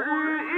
Mm-mm.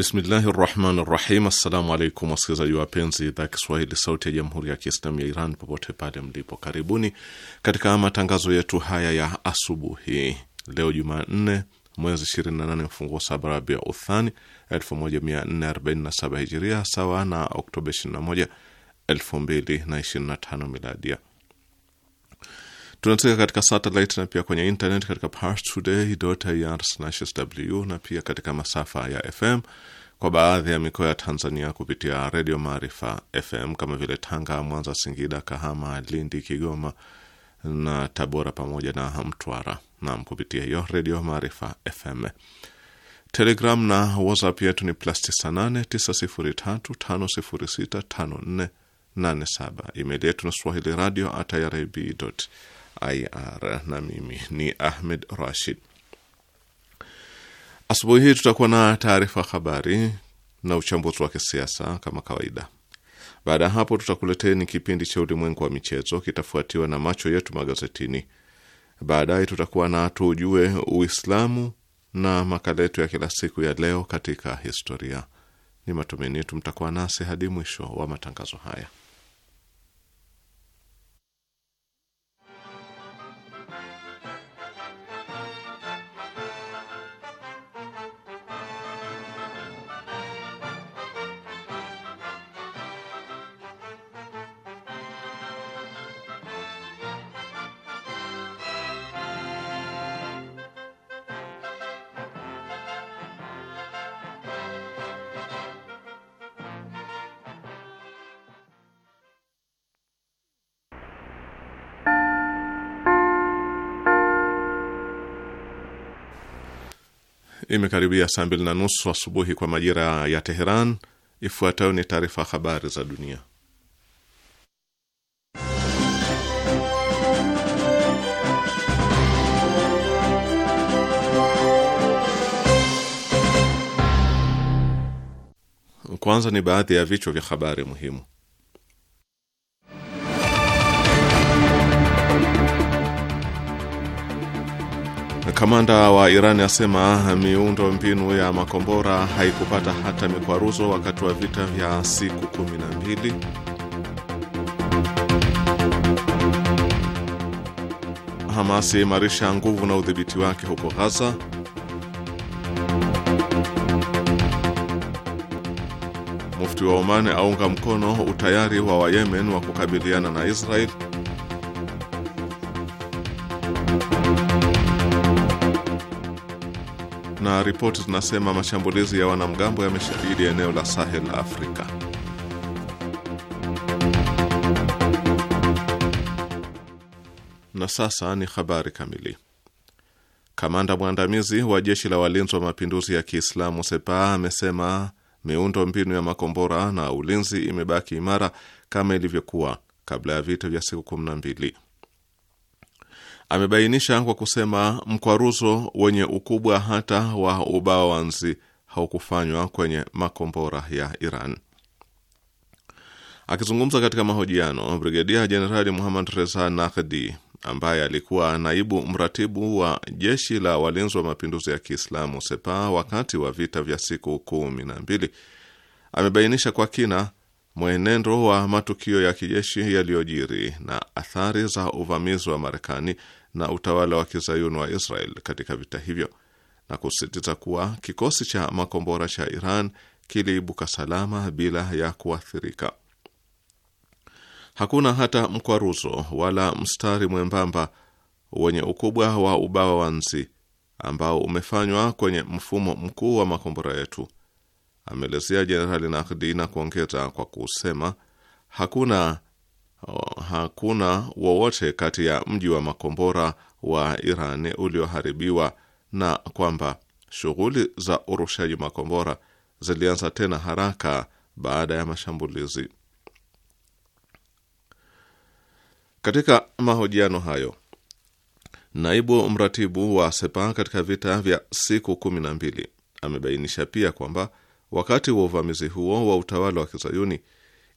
Bismillahi rahmani rahim. Assalamu alaikum wasikilizaji wapenzi, idhaa Kiswahili sauti ya jamhuri ya kiislamu ya Iran popote pale mlipo, karibuni katika matangazo yetu haya ya asubuhi leo Jumanne mwezi 28 mfunguo saba ya Uthani 1447 hijiria sawa na Oktoba 21, 2025 miladia. Tunateka katika satellite na pia kwenye internet katika parstoday.ir/sw na pia katika masafa ya FM kwa baadhi ya mikoa ya Tanzania kupitia Redio Maarifa FM kama vile Tanga, Mwanza, Singida, Kahama, Lindi, Kigoma na Tabora pamoja na Mtwara. Naam, kupitia hiyo Redio Maarifa FM. Telegram na WhatsApp yetu ni plus 989035065487. Email yetu ni swahili radio at IR na mimi ni Ahmed Rashid. Asubuhi hii tutakuwa na taarifa habari na uchambuzi wa kisiasa kama kawaida. Baada ya hapo, tutakuleteni kipindi cha ulimwengu wa michezo, kitafuatiwa na macho yetu magazetini. Baadaye tutakuwa na tujue Uislamu na makala yetu ya kila siku ya leo katika historia. Ni matumaini yetu mtakuwa nasi hadi mwisho wa matangazo haya. Imekaribia saa mbili na nusu asubuhi kwa majira ya Teheran. Ifuatayo ni taarifa habari za dunia. Kwanza ni baadhi ya vichwa vya habari muhimu. Kamanda wa Iran asema miundo mbinu ya makombora haikupata hata mikwaruzo wakati wa vita vya siku kumi na mbili. Hamas imarisha nguvu na udhibiti wake huko Gaza. Mufti wa Oman aunga mkono utayari wa Wayemen wa kukabiliana na Israeli. Kuna ripoti zinasema mashambulizi ya wanamgambo yameshadidi eneo la Sahel Afrika. Na sasa ni habari kamili. Kamanda mwandamizi wa jeshi la walinzi wa mapinduzi ya Kiislamu sepa amesema miundo mbinu ya makombora na ulinzi imebaki imara kama ilivyokuwa kabla ya vita vya siku 12 amebainisha kwa kusema mkwaruzo wenye ukubwa hata wa ubao wa nzi haukufanywa kwenye makombora ya Iran. Akizungumza katika mahojiano, Brigedia Jenerali Muhammad Reza Naqvi ambaye alikuwa naibu mratibu wa jeshi la walinzi wa mapinduzi ya Kiislamu Sepa wakati wa vita vya siku kumi na mbili amebainisha kwa kina mwenendo wa matukio ya kijeshi yaliyojiri na athari za uvamizi wa Marekani na utawala wa kizayuni wa Israel katika vita hivyo na kusisitiza kuwa kikosi cha makombora cha Iran kiliibuka salama bila ya kuathirika. Hakuna hata mkwaruzo wala mstari mwembamba wenye ukubwa wa ubawa wa nzi ambao umefanywa kwenye mfumo mkuu wa makombora yetu, ameelezea Jenerali Nahdi na kuongeza kwa kusema, hakuna hakuna wowote kati ya mji wa makombora wa Iran ulioharibiwa na kwamba shughuli za urushaji makombora zilianza tena haraka baada ya mashambulizi. Katika mahojiano hayo, naibu mratibu wa Sepa katika vita vya siku kumi na mbili amebainisha pia kwamba wakati wa uvamizi huo wa utawala wa Kizayuni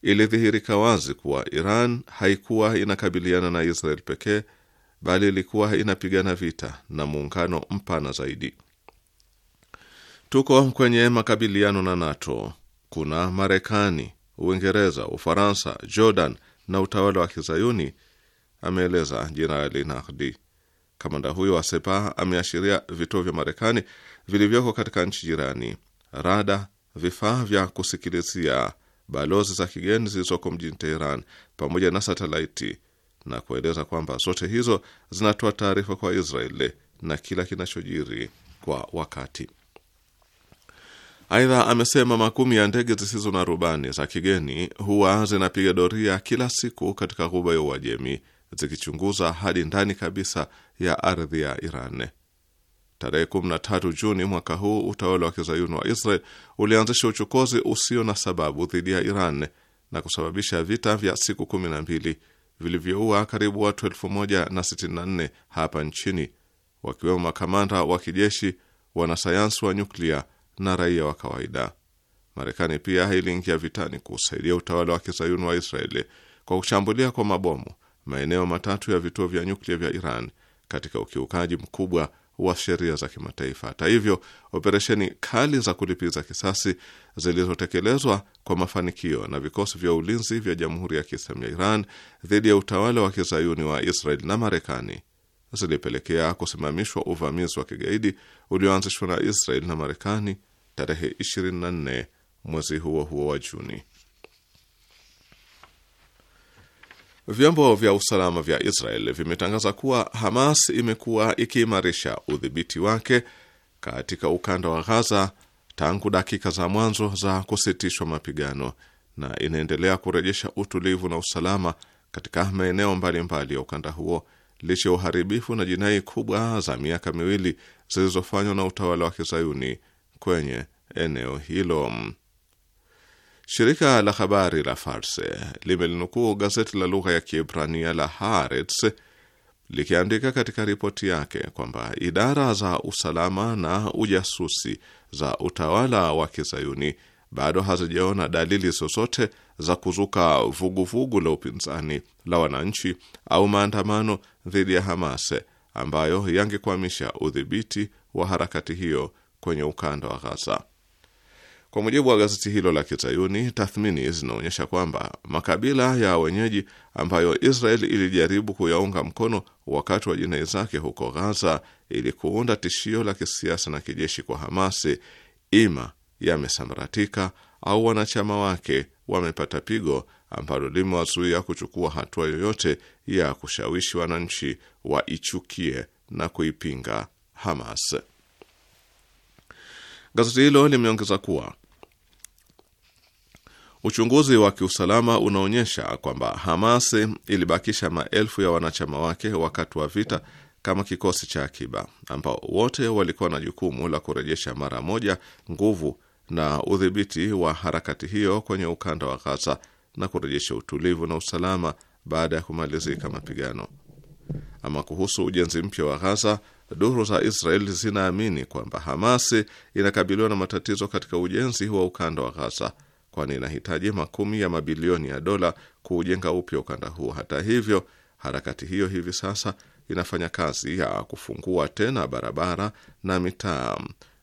ilidhihirika wazi kuwa Iran haikuwa inakabiliana na Israel pekee, bali ilikuwa inapigana vita na muungano mpana zaidi. Tuko kwenye makabiliano na NATO. Kuna Marekani, Uingereza, Ufaransa, Jordan na utawala wa Kizayuni, ameeleza Jenerali Nahdi. Kamanda huyo wa Sepa ameashiria vituo vya Marekani vilivyoko katika nchi jirani, rada, vifaa vya kusikilizia balozi za kigeni zilizoko mjini Teheran pamoja na satelaiti, na kueleza kwamba zote hizo zinatoa taarifa kwa Israel na kila kinachojiri kwa wakati. Aidha, amesema makumi ya ndege zisizo na rubani za kigeni huwa zinapiga doria kila siku katika ghuba ya Uajemi zikichunguza hadi ndani kabisa ya ardhi ya Iran. Tarehe 13 Juni mwaka huu utawala wa kizayuni wa Israel ulianzisha uchokozi usio na sababu dhidi ya Iran na kusababisha vita vya siku 12 vilivyoua karibu watu 1064 hapa nchini, wakiwemo makamanda wa kijeshi, wanasayansi wa nyuklia na raia wa kawaida. Marekani pia iliingia vitani kuusaidia utawala wa kizayuni wa Israeli kwa kushambulia kwa mabomu maeneo matatu ya vituo vya nyuklia vya Iran katika ukiukaji mkubwa wa sheria za kimataifa. Hata hivyo, operesheni kali za kulipiza kisasi zilizotekelezwa kwa mafanikio na vikosi vya ulinzi vya Jamhuri ya Kiislamu ya Iran dhidi ya utawala wa kizayuni wa Israel na Marekani zilipelekea kusimamishwa uvamizi wa kigaidi ulioanzishwa na Israel na Marekani tarehe 24 mwezi huo huo wa Juni. Vyombo vya usalama vya Israel vimetangaza kuwa Hamas imekuwa ikiimarisha udhibiti wake katika ukanda wa Ghaza tangu dakika za mwanzo za kusitishwa mapigano na inaendelea kurejesha utulivu na usalama katika maeneo mbalimbali ya ukanda huo licha ya uharibifu na jinai kubwa za miaka miwili zilizofanywa na utawala wa kizayuni kwenye eneo hilo. Shirika la habari la farse limelinukuu gazeti la lugha ya Kiebrania la Haaretz likiandika katika ripoti yake kwamba idara za usalama na ujasusi za utawala wa kizayuni bado hazijaona dalili zozote za kuzuka vuguvugu vugu la upinzani la wananchi au maandamano dhidi ya Hamas ambayo yangekwamisha udhibiti wa harakati hiyo kwenye ukanda wa Ghaza. Kwa mujibu wa gazeti hilo la Kizayuni, tathmini zinaonyesha kwamba makabila ya wenyeji ambayo Israel ilijaribu kuyaunga mkono wakati wa jinai zake huko Gaza ili kuunda tishio la kisiasa na kijeshi kwa Hamasi, ima yamesambaratika au wanachama wake wamepata pigo ambalo limewazuia kuchukua hatua yoyote ya kushawishi wananchi waichukie na kuipinga Hamas. Gazeti hilo limeongeza kuwa Uchunguzi wa kiusalama unaonyesha kwamba Hamas ilibakisha maelfu ya wanachama wake wakati wa vita kama kikosi cha akiba, ambao wote walikuwa na jukumu la kurejesha mara moja nguvu na udhibiti wa harakati hiyo kwenye ukanda wa Gaza na kurejesha utulivu na usalama baada ya kumalizika mapigano. Ama kuhusu ujenzi mpya wa Gaza, duru za Israel zinaamini kwamba Hamas inakabiliwa na matatizo katika ujenzi wa ukanda wa Gaza kwani inahitaji makumi ya mabilioni ya dola kuujenga upya ukanda huo. Hata hivyo, harakati hiyo hivi sasa inafanya kazi ya kufungua tena barabara na mitaa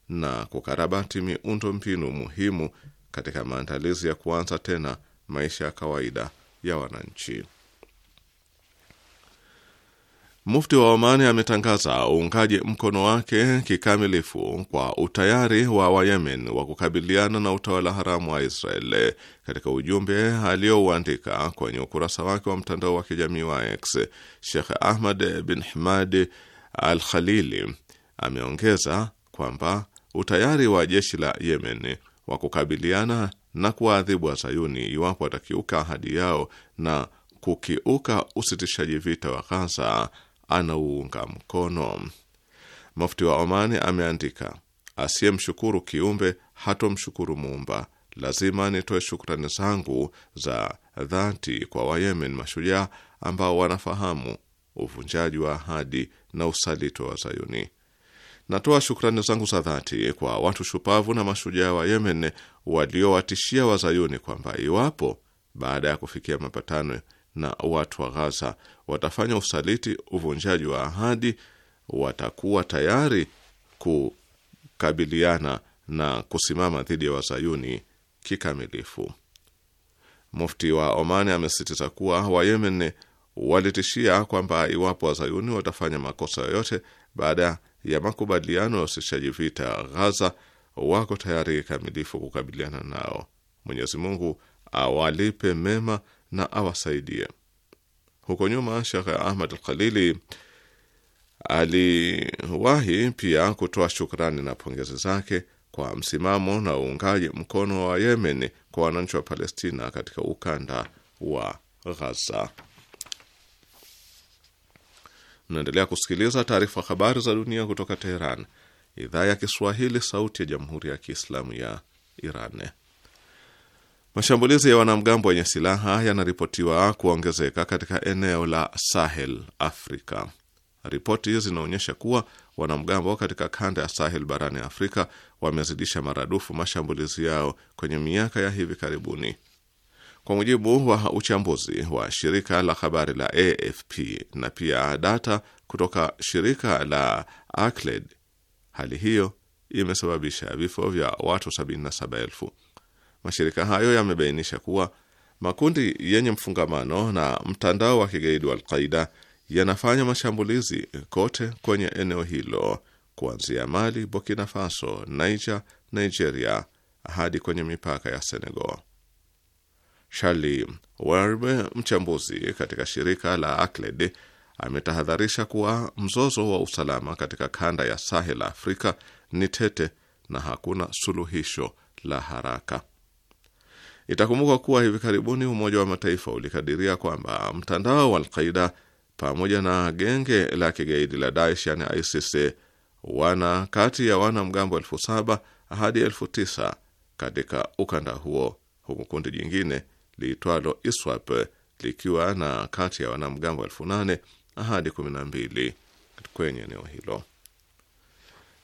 na kukarabati miundo mbinu muhimu katika maandalizi ya kuanza tena maisha ya kawaida ya wananchi. Mufti wa Omani ametangaza uungaji mkono wake kikamilifu kwa utayari wa Wayemen wa kukabiliana na utawala haramu wa Israel katika ujumbe aliyouandika kwenye ukurasa wake wa mtandao wa kijamii wa X. Shekh Ahmad bin Hamad Al Khalili ameongeza kwamba utayari wa jeshi la Yemen wa kukabiliana na kuwaadhibu Wazayuni iwapo watakiuka ahadi yao na kukiuka usitishaji vita wa Ghaza anauunga mkono. Mufti wa Omani ameandika, asiyemshukuru kiumbe hatomshukuru Muumba. Lazima nitoe shukrani zangu za dhati kwa Wayemen mashujaa ambao wanafahamu uvunjaji wa ahadi na usaliti wa Zayuni. Natoa shukrani zangu za dhati kwa watu shupavu na mashujaa wa Yemen waliowatishia Wazayuni kwamba iwapo baada ya kufikia mapatano na watu wa Ghaza watafanya usaliti, uvunjaji wa ahadi, watakuwa tayari kukabiliana na kusimama dhidi ya wazayuni kikamilifu. Mufti wa oman amesisitiza kuwa Wayemen walitishia kwamba iwapo wazayuni watafanya makosa yoyote baada ya makubaliano ya usishaji vita Ghaza, wako tayari kikamilifu kukabiliana nao. Mwenyezi Mungu awalipe mema na awasaidie. Huko nyuma Shekh Ahmad Alkhalili aliwahi pia kutoa shukrani na pongezi zake kwa msimamo na uungaji mkono wa Yemen kwa wananchi wa Palestina katika ukanda wa Ghaza. naendelea kusikiliza taarifa habari za dunia kutoka Teheran, idhaa ya Kiswahili, sauti ya jamhuri ya kiislamu ya Iran. Mashambulizi ya wanamgambo wenye silaha yanaripotiwa kuongezeka katika eneo la Sahel, Afrika. Ripoti zinaonyesha kuwa wanamgambo katika kanda ya Sahel barani Afrika wamezidisha maradufu mashambulizi yao kwenye miaka ya hivi karibuni. Kwa mujibu wa uchambuzi wa shirika la habari la AFP na pia data kutoka shirika la Acled, hali hiyo imesababisha vifo vya watu 77,000. Mashirika hayo yamebainisha kuwa makundi yenye mfungamano na mtandao wa kigaidi wa Alqaida yanafanya mashambulizi kote kwenye eneo hilo kuanzia Mali, Burkina Faso, Niger, Nigeria hadi kwenye mipaka ya Senegal. Charli Werbe, mchambuzi katika shirika la Akled, ametahadharisha kuwa mzozo wa usalama katika kanda ya Sahel Afrika ni tete na hakuna suluhisho la haraka. Itakumbukwa kuwa hivi karibuni Umoja wa Mataifa ulikadiria kwamba mtandao wa Alqaida pamoja na genge la kigaidi la Daesh yani ISIS wana kati ya wanamgambo elfu saba hadi elfu tisa katika ukanda huo, huku kundi jingine liitwalo ISWAP likiwa na kati ya wanamgambo elfu nane hadi kumi na mbili kwenye eneo hilo.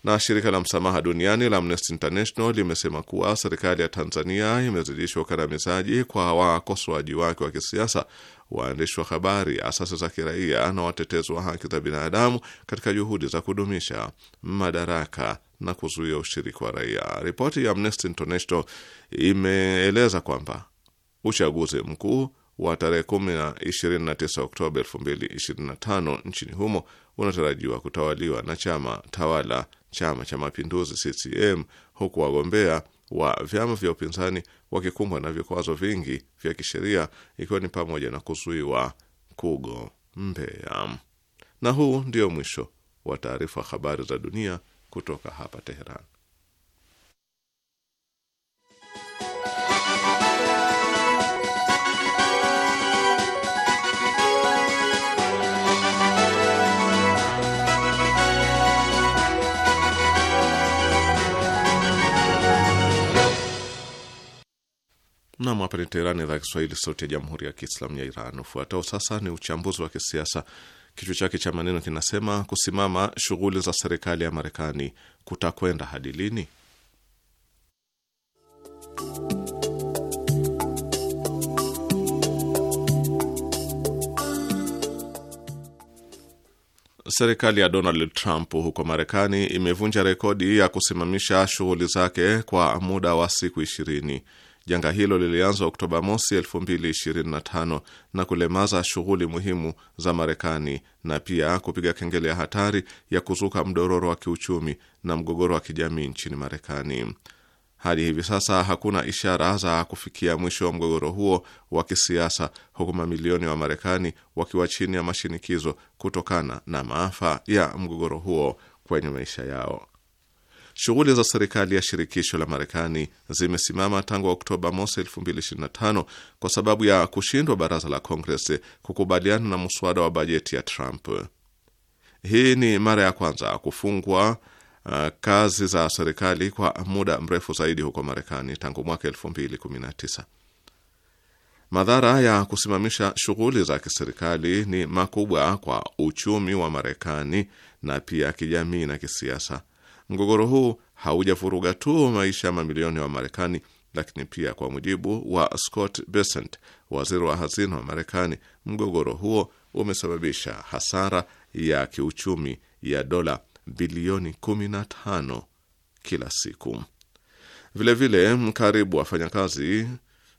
Na shirika la msamaha duniani la Amnesty International limesema kuwa serikali ya Tanzania imezidishwa ukandamizaji kwa wakosoaji wake wa kisiasa, waandishi wa habari, asasi za kiraia na watetezi wa haki za binadamu katika juhudi za kudumisha madaraka na kuzuia ushiriki wa raia. Ripoti ya Amnesty International imeeleza kwamba uchaguzi mkuu wa tarehe 10 na 29 Oktoba 2025 nchini humo unatarajiwa kutawaliwa na chama tawala, Chama cha Mapinduzi CCM, huku wagombea wa vyama vya upinzani wakikumbwa na vikwazo vingi vya kisheria ikiwa ni pamoja na kuzuiwa kugombea. Na huu ndio mwisho wa taarifa habari za dunia kutoka hapa Teheran. Nam, hapa ni Teherani, idhaa Kiswahili, sauti ya jamhuri ya kiislamu ya Iran. Ufuatao sasa ni uchambuzi wa kisiasa, kichwa chake cha maneno kinasema kusimama shughuli za serikali ya Marekani kutakwenda hadi lini? Serikali ya Donald Trump huko Marekani imevunja rekodi ya kusimamisha shughuli zake kwa muda wa siku ishirini Janga hilo lilianza Oktoba mosi 2025 na kulemaza shughuli muhimu za Marekani na pia kupiga kengele ya hatari ya kuzuka mdororo wa kiuchumi na mgogoro wa kijamii nchini Marekani. Hadi hivi sasa hakuna ishara za kufikia mwisho wa mgogoro huo wa kisiasa, huku mamilioni wa Marekani wakiwa chini ya mashinikizo kutokana na maafa ya mgogoro huo kwenye maisha yao. Shughuli za serikali ya shirikisho la Marekani zimesimama tangu Oktoba mosi 2025 kwa sababu ya kushindwa baraza la Kongres kukubaliana na mswada wa bajeti ya Trump. Hii ni mara ya kwanza kufungwa uh, kazi za serikali kwa muda mrefu zaidi huko Marekani tangu mwaka 2019. Madhara ya kusimamisha shughuli za kiserikali ni makubwa kwa uchumi wa Marekani na pia kijamii na kisiasa. Mgogoro huu haujavuruga tu maisha ya mamilioni ya wa Marekani, lakini pia kwa mujibu wa Scott Bessent, waziri wa hazina wa Marekani, mgogoro huo umesababisha hasara ya kiuchumi ya dola bilioni 15 kila siku. Vilevile, karibu wafanyakazi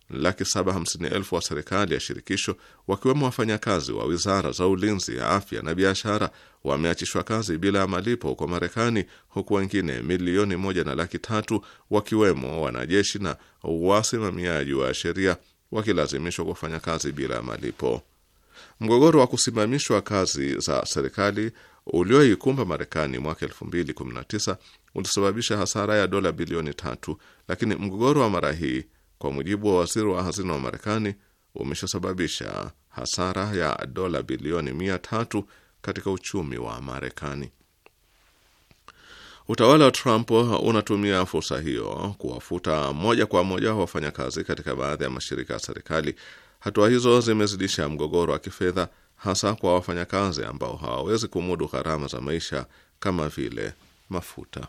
laki saba hamsini elfu wa serikali ya shirikisho wakiwemo wafanyakazi wa wizara za ulinzi, afya na biashara wameachishwa kazi bila ya malipo huko Marekani, huku wengine milioni moja na laki tatu wakiwemo wanajeshi na wasimamiaji wa sheria wakilazimishwa kufanya kazi bila ya malipo. Mgogoro wa kusimamishwa kazi za serikali ulioikumba Marekani mwaka tisa ulisababisha hasara ya dola bilioni tatu, lakini mgogoro wa mara hii kwa mujibu wa waziri wa hazina wa Marekani, umeshasababisha hasara ya dola bilioni mia tatu katika uchumi wa Marekani. Utawala wa Trump unatumia fursa hiyo kuwafuta moja kwa moja wafanyakazi katika baadhi ya mashirika ya serikali. Hatua hizo zimezidisha mgogoro wa kifedha, hasa kwa wafanyakazi ambao hawawezi kumudu gharama za maisha kama vile mafuta.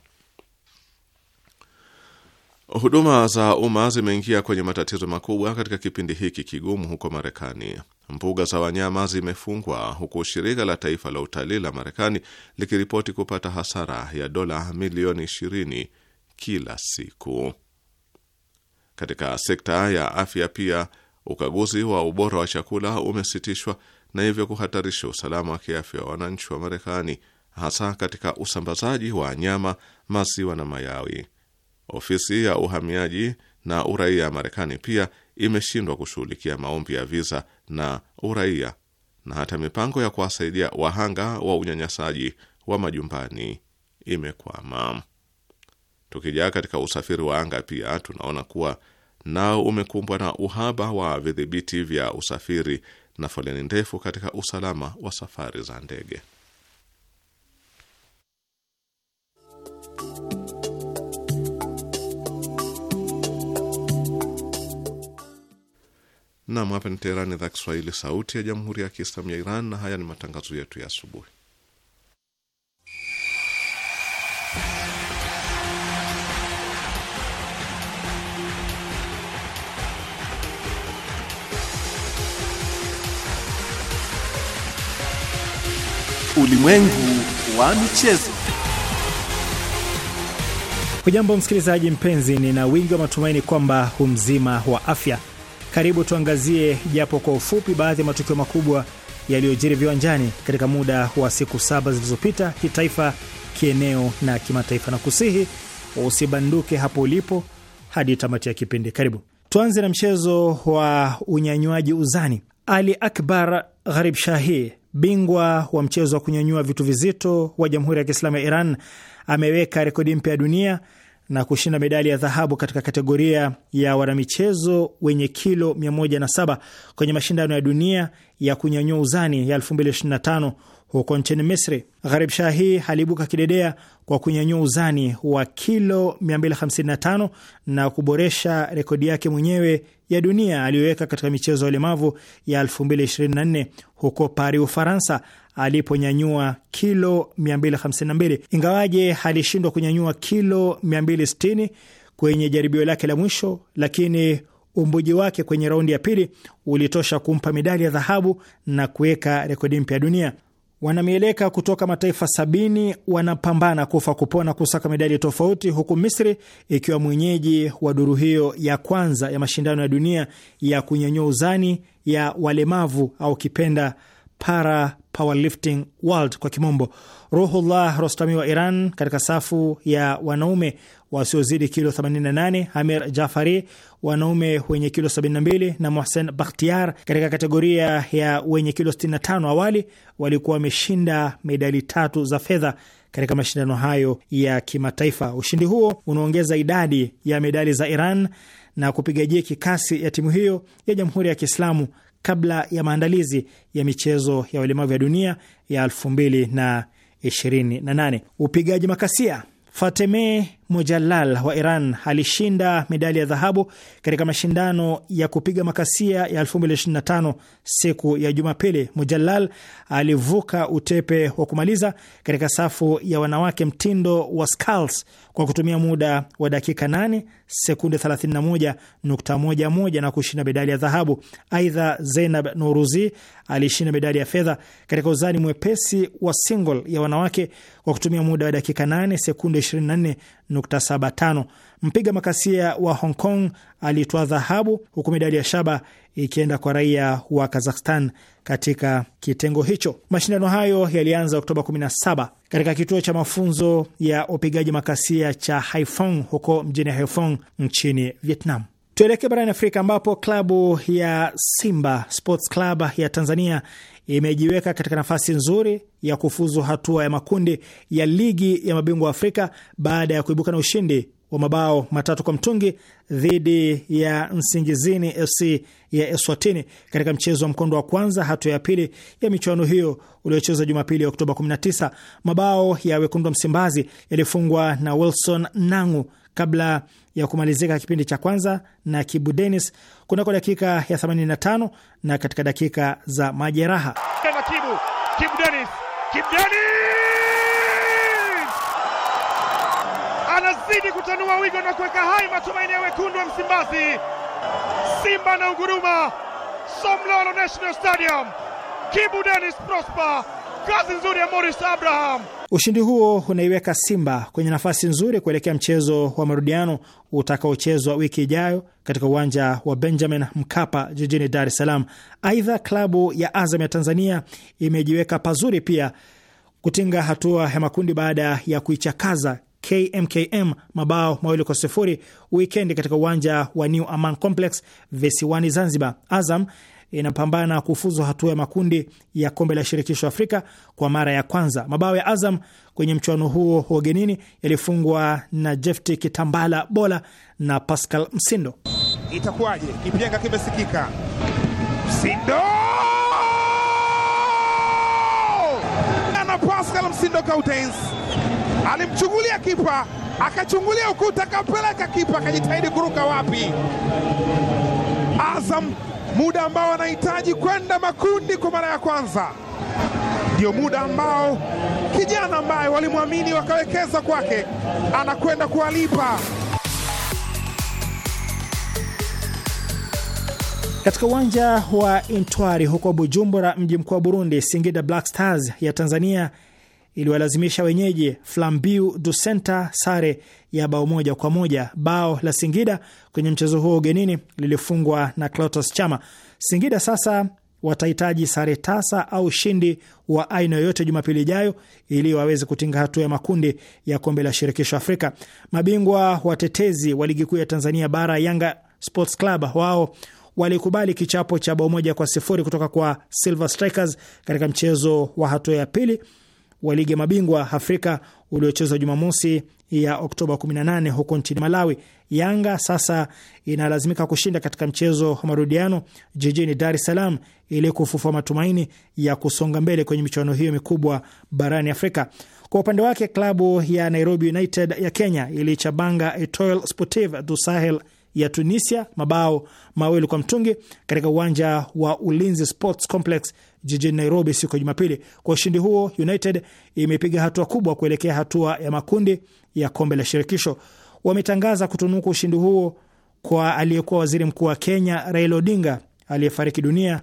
Huduma za umma zimeingia kwenye matatizo makubwa katika kipindi hiki kigumu huko Marekani. Mbuga za wanyama zimefungwa huku shirika la taifa la utalii la Marekani likiripoti kupata hasara ya dola milioni 20 kila siku. Katika sekta ya afya pia, ukaguzi wa ubora wa chakula umesitishwa na hivyo kuhatarisha usalama wa kiafya wa wananchi wa Marekani, hasa katika usambazaji wa nyama, maziwa na mayawi. Ofisi ya uhamiaji na uraia ya Marekani pia imeshindwa kushughulikia maombi ya viza na uraia na hata mipango ya kuwasaidia wahanga wa unyanyasaji wa majumbani imekwama. Tukijaa katika usafiri wa anga, pia tunaona kuwa nao umekumbwa na uhaba wa vidhibiti vya usafiri na foleni ndefu katika usalama wa safari za ndege. Nam, hapa ni Teherani, idhaa Kiswahili, sauti ya jamhuri ya kiislamu ya Iran, na haya ni matangazo yetu ya asubuhi. Ulimwengu wa michezo. Hujambo msikilizaji mpenzi, nina wingi wa matumaini kwamba humzima wa afya karibu tuangazie japo kwa ufupi baadhi ya matukio makubwa yaliyojiri viwanjani katika muda wa siku saba zilizopita, kitaifa, kieneo na kimataifa, na kusihi usibanduke hapo ulipo hadi tamati ya kipindi. Karibu tuanze na mchezo wa unyanywaji uzani. Ali Akbar Gharib Shahi, bingwa wa mchezo wa kunyanyua vitu vizito wa Jamhuri ya Kiislamu ya Iran, ameweka rekodi mpya ya dunia na kushinda medali ya dhahabu katika kategoria ya wanamichezo wenye kilo 107 kwenye mashindano ya dunia ya kunyanyua uzani ya 2025 huko nchini Misri. Gharib Shahi aliibuka kidedea kwa kunyanyua uzani wa kilo 255 na kuboresha rekodi yake mwenyewe ya dunia aliyoweka katika michezo ya ulemavu ya 2024 huko Paris, Ufaransa, aliponyanyua kilo 252 ingawaje alishindwa kunyanyua kilo 260 kwenye jaribio lake la mwisho, lakini umbuji wake kwenye raundi ya pili ulitosha kumpa medali ya dhahabu na kuweka rekodi mpya ya dunia. Wanamieleka kutoka mataifa sabini wanapambana kufa kupona kusaka medali tofauti, huku Misri ikiwa mwenyeji wa duru hiyo ya kwanza ya mashindano ya dunia ya kunyanyua uzani ya walemavu au kipenda Para Powerlifting World kwa kimombo. Ruhullah Rostami wa Iran katika safu ya wanaume wasiozidi kilo 88, Amir Jafari wanaume wenye kilo 72 na Mohsen Bakhtiar katika kategoria ya wenye kilo 65 awali walikuwa wameshinda medali tatu za fedha katika mashindano hayo ya kimataifa. Ushindi huo unaongeza idadi ya medali za Iran na kupiga jeki kasi ya timu hiyo ya Jamhuri ya Kiislamu kabla ya maandalizi ya michezo ya walemavu ya dunia ya 2028. Upigaji makasia Fateme Mojalal wa Iran alishinda medali ya dhahabu katika mashindano ya kupiga makasia ya 2025 siku ya Jumapili. Mojalal alivuka utepe wa kumaliza katika safu ya wanawake mtindo wa sculls kwa kutumia muda wa dakika 8 sekunde 31.11 na kushinda medali ya dhahabu. Aidha, Zeinab Nouruzi alishinda medali ya fedha katika uzani mwepesi wa single ya wanawake kwa kutumia muda wa dakika 8 sekunde 24 1.75. Mpiga makasia wa Hong Kong alitoa dhahabu, huku medali ya shaba ikienda kwa raia wa Kazakhstan katika kitengo hicho. Mashindano hayo yalianza Oktoba 17 katika kituo cha mafunzo ya upigaji makasia cha Haiphong huko mjini Haiphong nchini Vietnam. Tuelekee barani Afrika ambapo klabu ya Simba Sports Club ya Tanzania imejiweka katika nafasi nzuri ya kufuzu hatua ya makundi ya ligi ya mabingwa Afrika baada ya kuibuka na ushindi wa mabao matatu kwa mtungi dhidi ya Msingizini FC ya Eswatini katika mchezo wa mkondo wa kwanza hatua ya pili ya michuano hiyo uliochezwa Jumapili ya Oktoba 19. Mabao ya wekundu wa Msimbazi yalifungwa na Wilson Nangu kabla ya kumalizika kipindi cha kwanza na Kibu denis kunako dakika ya 85 na katika dakika za majeraha. Anazidi kutanua wigo na kuweka hai matumaini ya wekundu wa Msimbazi. Simba na uguruma Somlolo National Stadium. Kibu denis Prosper, kazi nzuri ya Morris Abraham Ushindi huo unaiweka Simba kwenye nafasi nzuri kuelekea mchezo wa marudiano utakaochezwa wiki ijayo katika uwanja wa Benjamin Mkapa jijini Dar es Salaam. Aidha, klabu ya Azam ya Tanzania imejiweka pazuri pia kutinga hatua ya makundi baada ya kuichakaza KMKM mabao mawili kwa sifuri wikendi katika uwanja wa New Aman Complex visiwani Zanzibar. Azam inapambana kufuzu hatua ya makundi ya kombe la shirikisho Afrika kwa mara ya kwanza. Mabao ya Azam kwenye mchuano huo wa ugenini yalifungwa na Jefti Kitambala Bola na Pascal Msindo. Itakuwaje? Kipenga kimesikika. Msindo na Pascal Msindo Kautens alimchungulia kipa akachungulia ukuta, akapeleka kipa, akajitahidi kuruka wapi? Azam muda ambao anahitaji kwenda makundi kwa mara ya kwanza, ndio muda ambao kijana ambaye walimwamini wakawekeza kwake anakwenda kuwalipa. Katika uwanja wa Intwari huko Bujumbura, mji mkuu wa Burundi, Singida Black Stars ya Tanzania iliwalazimisha wenyeji Flambiu du Centre sare ya bao moja kwa moja. Bao la Singida kwenye mchezo huo ugenini lilifungwa na Clatous Chama. Singida sasa watahitaji sare tasa au ushindi wa aina yoyote Jumapili ijayo ili waweze kutinga hatua ya makundi ya kombe la shirikisho Afrika. Mabingwa watetezi wa ligi kuu ya Tanzania bara Yanga Sports Club wao walikubali kichapo cha bao moja kwa sifuri kutoka kwa Silver Strikers katika mchezo wa hatua ya pili wa ligi ya mabingwa Afrika uliochezwa Jumamosi ya Oktoba 18 huko nchini Malawi. Yanga sasa inalazimika kushinda katika mchezo wa marudiano jijini Dar es Salaam ili kufufua matumaini ya kusonga mbele kwenye michuano hiyo mikubwa barani Afrika. Kwa upande wake, klabu ya Nairobi United ya Kenya ilichabanga Etoile Sportive du Sahel ya Tunisia mabao mawili kwa mtungi katika uwanja wa Ulinzi Sports Complex jijini Nairobi siku ya Jumapili. Kwa ushindi huo, United imepiga hatua kubwa kuelekea hatua ya makundi ya kombe la shirikisho. Wametangaza kutunuku ushindi huo kwa aliyekuwa waziri mkuu wa Kenya Raila Odinga aliyefariki dunia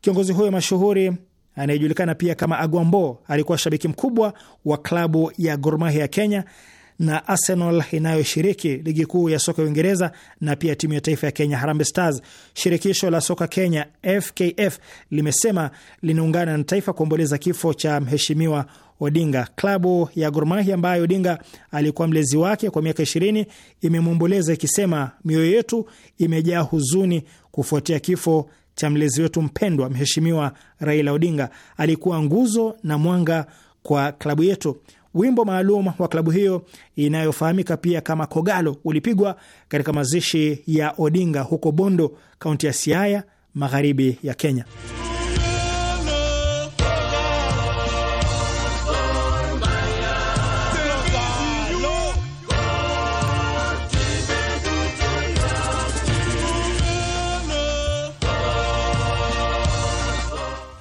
Kiongozi huyo mashuhuri anayejulikana pia kama Agwambo alikuwa shabiki mkubwa wa klabu ya Gor Mahia ya Kenya na Arsenal inayoshiriki ligi kuu ya soka ya Uingereza na pia timu ya taifa ya Kenya Harambee Stars. Shirikisho la soka Kenya FKF limesema linaungana na taifa kuomboleza kifo cha mheshimiwa Odinga. Klabu ya Gor Mahia ambayo Odinga alikuwa mlezi wake kwa miaka ishirini imemwomboleza ikisema, mioyo yetu imejaa huzuni kufuatia kifo cha mlezi wetu mpendwa Mheshimiwa Raila Odinga. Alikuwa nguzo na mwanga kwa klabu yetu. Wimbo maalum wa klabu hiyo inayofahamika pia kama Kogalo ulipigwa katika mazishi ya Odinga huko Bondo, kaunti ya Siaya, magharibi ya Kenya.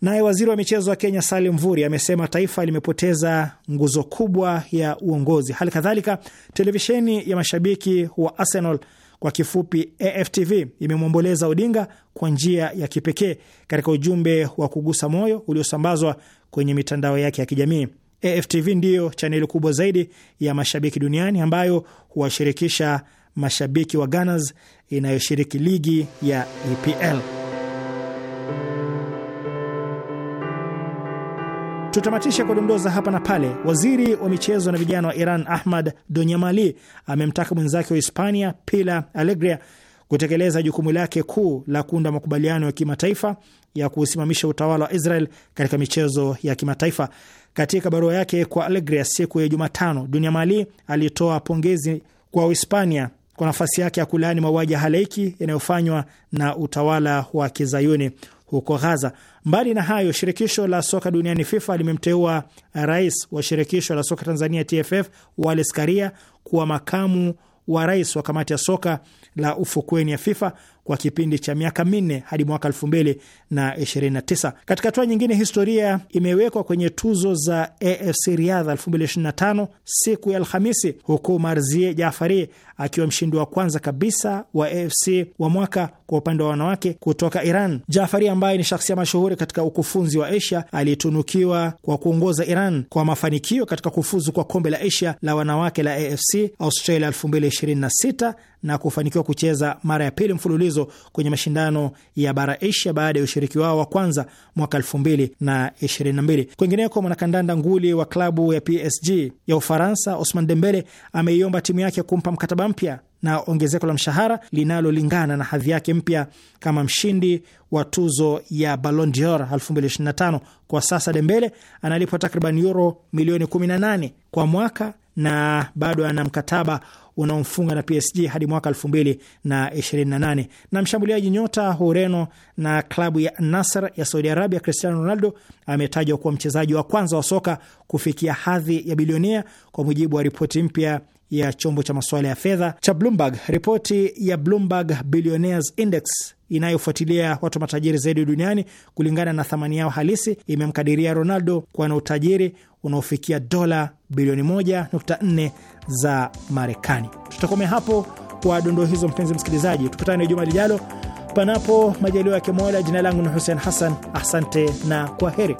Naye waziri wa michezo wa Kenya Salim Mvuri amesema taifa limepoteza nguzo kubwa ya uongozi. Hali kadhalika televisheni ya mashabiki wa Arsenal kwa kifupi AFTV imemwomboleza Odinga kwa njia ya kipekee katika ujumbe wa kugusa moyo uliosambazwa kwenye mitandao yake ya kijamii. AFTV ndiyo chaneli kubwa zaidi ya mashabiki duniani ambayo huwashirikisha mashabiki wa Gunners inayoshiriki ligi ya EPL. Tutamatisha kwa dondoza hapa na pale. Waziri wa michezo na vijana wa Iran Ahmad Donyamali amemtaka mwenzake wa Hispania Pilar Alegria kutekeleza jukumu lake kuu la kuunda makubaliano ya kimataifa ya kusimamisha utawala wa Israel katika michezo ya kimataifa. Katika barua yake kwa Alegria siku ya Jumatano, Mali alitoa pongezi kwa Uhispania kwa nafasi yake ya kulaani mauaji ya halaiki yanayofanywa na utawala wa kizayuni huko Ghaza. Mbali na hayo, shirikisho la soka duniani FIFA limemteua rais wa shirikisho la soka Tanzania TFF Wallace Karia kuwa makamu wa rais wa kamati ya soka la ufukweni ya FIFA kwa kipindi cha miaka minne hadi mwaka tisa. Katika hatua nyingine, historia imewekwa kwenye tuzo za AFC Riadha tano siku ya Alhamisi, huku Marzie Jafari akiwa mshindi wa kwanza kabisa wa AFC wa mwaka kwa upande wa wanawake kutoka Iran. Jafari ambaye ni shahsia mashuhuri katika ukufunzi wa Asia alitunukiwa kwa kuongoza Iran kwa mafanikio katika kufuzu kwa kombe la Asia la wanawake la AFC Australia 2026 na kufanikiwa kucheza mara ya pili mfululizo kwenye mashindano ya bara Asia baada ya ushiriki wao wa kwanza mwaka mbili. Kwingineko, mwanakandanda nguli wa klabu ya PSG ya Ufaransa Osman Dembele ameiomba timu yake kumpa mkataba mpya na ongezeko la mshahara linalolingana na hadhi yake mpya kama mshindi wa tuzo ya Ballon d'Or 2025. Kwa sasa Dembele analipwa takriban euro milioni 18 kwa mwaka na bado ana mkataba unaomfunga na PSG hadi mwaka 2028 na mshambuliaji nyota Ureno na klabu ya Nasr ya Saudi Arabia Cristiano Ronaldo ametajwa kuwa mchezaji wa kwanza wa soka kufikia hadhi ya bilionea kwa mujibu wa ripoti mpya ya chombo cha masuala ya fedha cha Bloomberg. Ripoti ya Bloomberg Billionaires Index inayofuatilia watu matajiri zaidi duniani kulingana na thamani yao halisi imemkadiria Ronaldo kuwa na utajiri unaofikia dola bilioni 1.4 za Marekani. Tutakomea hapo kwa dondoo hizo, mpenzi msikilizaji. Tukutane juma lijalo, panapo majaliwa ya Mola. Jina langu ni Hussein Hassan, asante na kwa heri.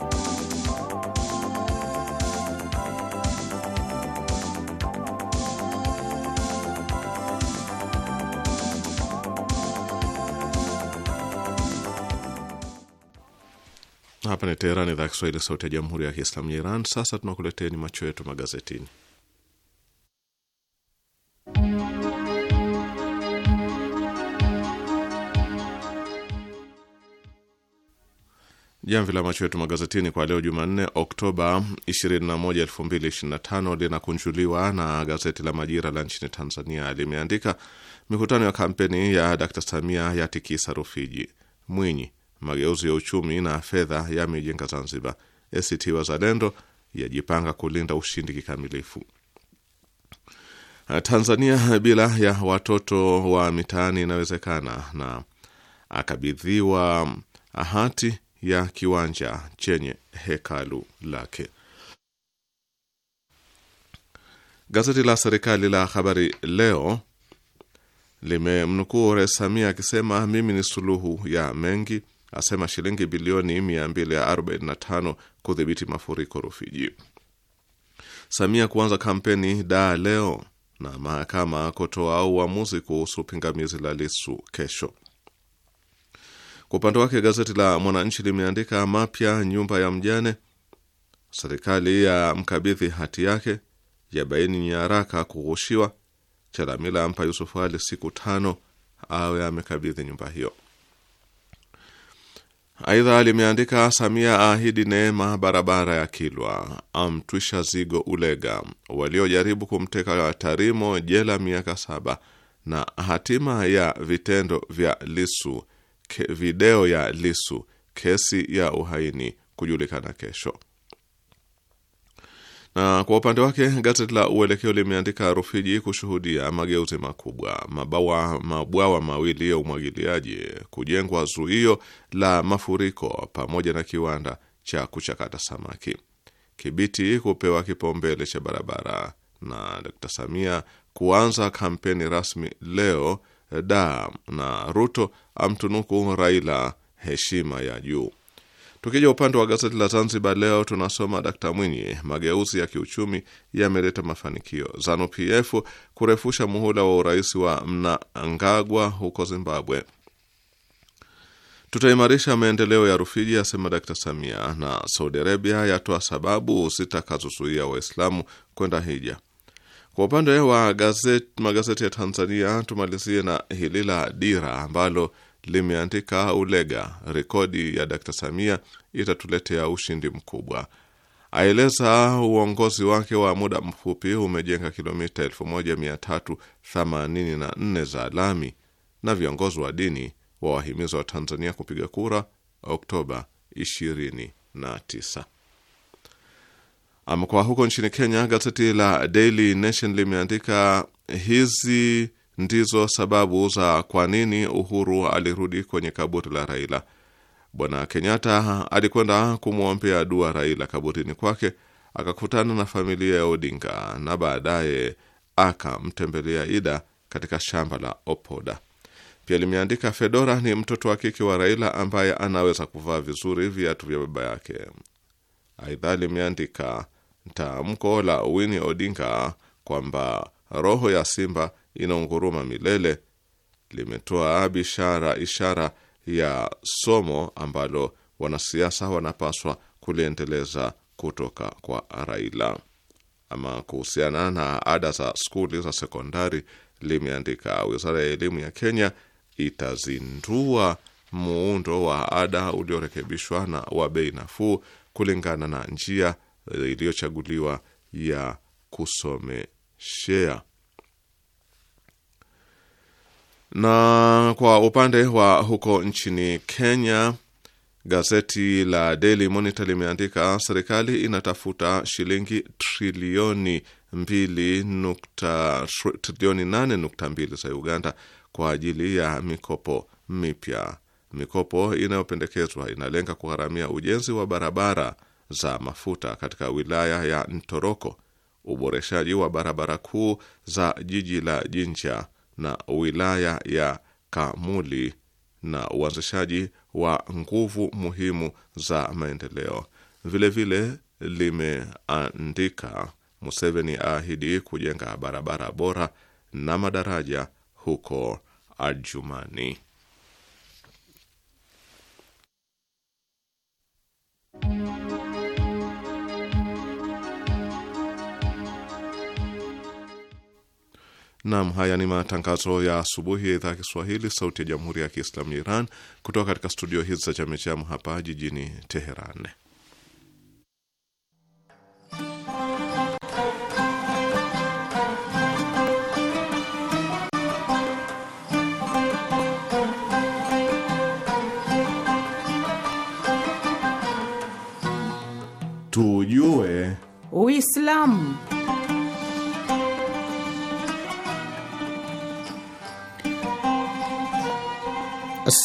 hapa ni Teherani, idhaa ya Kiswahili, sauti ya jamhuri ya kiislamu ya Iran. Sasa tunakuleteni macho yetu magazetini. Jamvi la macho yetu magazetini kwa leo Jumanne, Oktoba 21, 2025 linakunjuliwa na gazeti la Majira la nchini Tanzania. Limeandika mikutano ya kampeni ya Dkt Samia yatikisa Rufiji, Mwinyi mageuzi ya uchumi na fedha yameijenga Zanzibar. ACT Wazalendo yajipanga kulinda ushindi kikamilifu. Tanzania bila ya watoto wa mitaani inawezekana, na akabidhiwa hati ya kiwanja chenye hekalu lake. Gazeti la serikali la Habari Leo limemnukuu Rais Samia akisema, mimi ni suluhu ya mengi asema shilingi bilioni 245 kudhibiti mafuriko Rufiji. Samia kuanza kampeni daa leo, na mahakama kutoa uamuzi kuhusu pingamizi la Lisu kesho. Kwa upande wake gazeti la Mwananchi limeandika mapya nyumba ya mjane, serikali ya mkabidhi hati yake, ya baini nyaraka kughushiwa. Chalamila ampa Yusufu Ali siku tano awe amekabidhi nyumba hiyo. Aidha limeandika Samia ahidi neema barabara ya Kilwa, amtwisha zigo Ulega, waliojaribu kumteka Tarimo jela miaka saba, na hatima ya vitendo vya Lisu video ya Lisu kesi ya uhaini kujulikana kesho. Na kwa upande wake gazeti la Uelekeo limeandika Rufiji kushuhudia mageuzi makubwa, mabawa mabwawa mawili ya umwagiliaji kujengwa, zuio la mafuriko pamoja na kiwanda cha kuchakata samaki, Kibiti kupewa kipaumbele cha barabara, na Dkt Samia kuanza kampeni rasmi leo eh, da, na Ruto amtunuku Raila heshima ya juu. Tukija upande wa gazeti la Zanzibar Leo tunasoma Dkt Mwinyi, mageuzi ya kiuchumi yameleta mafanikio. ZANU PF kurefusha muhula wa urais wa Mnangagwa huko Zimbabwe. Tutaimarisha maendeleo ya Rufiji, asema Dkt Samia. Na Saudi Arabia yatoa sababu zitakazozuia Waislamu kwenda hija. Kwa upande wa gazeti, magazeti ya Tanzania tumalizie na hili la Dira ambalo limeandika Ulega, rekodi ya Dkt Samia itatuletea ushindi mkubwa. Aeleza uongozi wake wa muda mfupi umejenga kilomita 1384 za lami, na viongozi wa dini wawahimiza wa Tanzania kupiga kura Oktoba 29. Amekuwa huko nchini Kenya, gazeti la Daily Nation limeandika hizi ndizo sababu za kwa nini Uhuru alirudi kwenye kaburi la Raila. Bwana Kenyatta alikwenda kumwombea dua Raila kaburini kwake, akakutana na familia ya Odinga na baadaye akamtembelea Ida katika shamba la Opoda. Pia limeandika Fedora ni mtoto wa kike wa Raila ambaye anaweza kuvaa vizuri viatu vya baba yake. Aidha limeandika tamko la Winnie Odinga kwamba roho ya simba inaunguruma milele limetoa bishara, ishara ya somo ambalo wanasiasa wanapaswa kuliendeleza kutoka kwa Raila. Ama kuhusiana na ada za skuli za sekondari, limeandika wizara ya elimu ya Kenya itazindua muundo wa ada uliorekebishwa na wa bei nafuu kulingana na njia iliyochaguliwa ya kusomeshea. Na kwa upande wa huko nchini Kenya, gazeti la Daily Monitor limeandika serikali inatafuta shilingi trilioni mbili nukta, trilioni nane nukta mbili za Uganda kwa ajili ya mikopo mipya. Mikopo inayopendekezwa inalenga kugharamia ujenzi wa barabara za mafuta katika wilaya ya Ntoroko, uboreshaji wa barabara kuu za jiji la Jinja na wilaya ya Kamuli na uanzishaji wa nguvu muhimu za maendeleo. Vilevile limeandika Museveni aahidi kujenga barabara bora na madaraja huko Ajumani. Nam, haya ni matangazo ya asubuhi ya idhaa Kiswahili, sauti ya jamhuri ya kiislamu ya Iran, kutoka katika studio hizi za Chamechamu hapa jijini Teheran. Tujue Uislamu.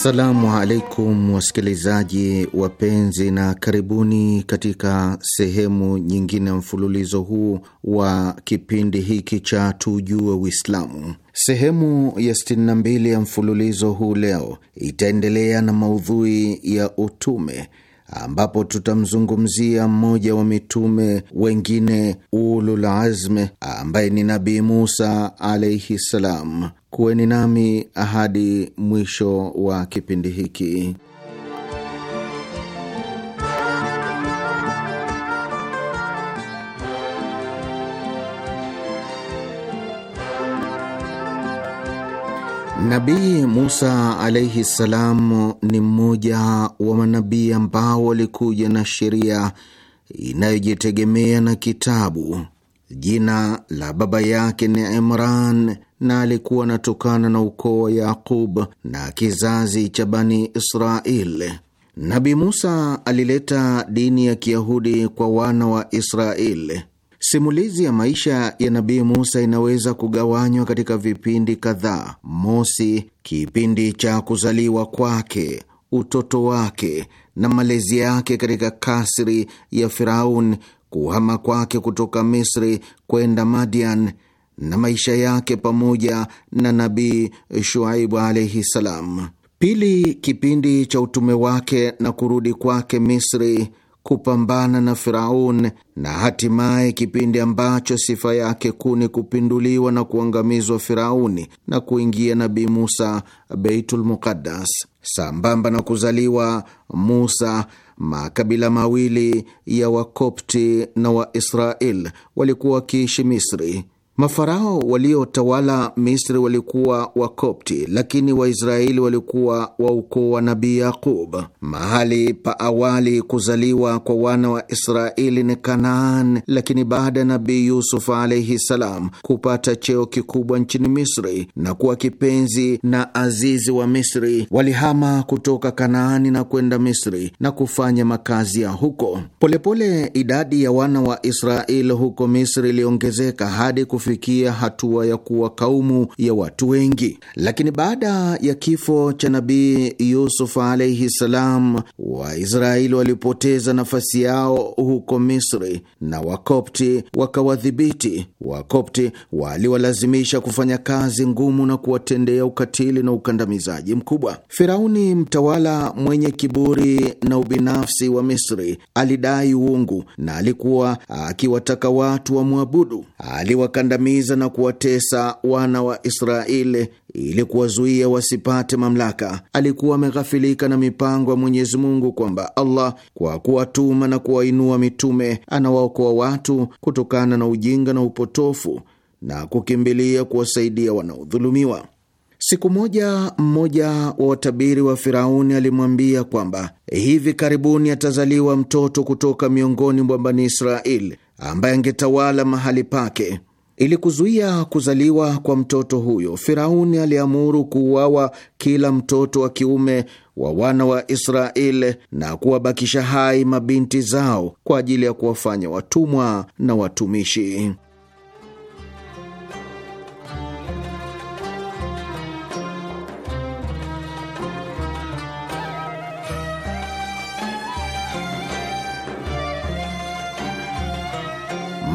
Assalamu alaikum wasikilizaji wapenzi, na karibuni katika sehemu nyingine ya mfululizo huu wa kipindi hiki cha Tujue Uislamu. Sehemu ya 62 ya mfululizo huu leo itaendelea na maudhui ya utume ambapo tutamzungumzia mmoja wa mitume wengine ulul azme ambaye ni Nabii Musa alaihi ssalam. Kuweni nami hadi mwisho wa kipindi hiki. Nabii Musa alaihi salam ni mmoja wa manabii ambao walikuja na sheria inayojitegemea na kitabu. Jina la baba yake ni Imran na alikuwa anatokana na ukoo wa Yaqub na kizazi cha Bani Israel. Nabi Musa alileta dini ya Kiyahudi kwa wana wa Israel. Simulizi ya maisha ya Nabii Musa inaweza kugawanywa katika vipindi kadhaa: mosi, kipindi cha kuzaliwa kwake, utoto wake na malezi yake katika kasri ya Firaun, kuhama kwake kutoka Misri kwenda Madian na maisha yake pamoja na Nabii Shuaibu alaihi salam; pili, kipindi cha utume wake na kurudi kwake Misri kupambana na Firaun na hatimaye kipindi ambacho sifa yake kuu ni kupinduliwa na kuangamizwa Firauni na kuingia Nabii Musa Beitul Muqaddas. Sambamba na kuzaliwa Musa, makabila mawili ya Wakopti na Waisrael walikuwa wakiishi Misri. Mafarao waliotawala Misri walikuwa Wakopti, lakini Waisraeli walikuwa wa ukoo wa Nabii Yaqub. Mahali pa awali kuzaliwa kwa wana wa Israeli ni Kanaan, lakini baada ya Nabii Yusuf alaihi salam kupata cheo kikubwa nchini Misri na kuwa kipenzi na azizi wa Misri, walihama kutoka Kanaani na kwenda Misri na kufanya makazi ya huko. Polepole idadi ya wana wa Israeli huko Misri iliongezeka hadi kufikia hatua ya kuwa kaumu ya watu wengi. Lakini baada ya kifo cha Nabii Yusuf alaihi salam, Waisraeli walipoteza nafasi yao huko Misri na Wakopti wakawadhibiti. Wakopti waliwalazimisha kufanya kazi ngumu na kuwatendea ukatili na ukandamizaji mkubwa. Firauni, mtawala mwenye kiburi na ubinafsi wa Misri, alidai uungu na alikuwa akiwataka watu wamwabudu aliwakanda kuwakandamiza na kuwatesa wana wa Israeli ili kuwazuia wasipate mamlaka. Alikuwa ameghafilika na mipango ya Mwenyezi Mungu kwamba Allah kwa kuwatuma na kuwainua mitume anawaokoa watu kutokana na ujinga na upotofu na kukimbilia kuwasaidia wanaodhulumiwa. Siku moja mmoja wa watabiri wa Firauni alimwambia kwamba hivi karibuni atazaliwa mtoto kutoka miongoni mwa Bani Israeli ambaye angetawala mahali pake. Ili kuzuia kuzaliwa kwa mtoto huyo, Firauni aliamuru kuuawa kila mtoto wa kiume wa wana wa Israeli na kuwabakisha hai mabinti zao kwa ajili ya kuwafanya watumwa na watumishi.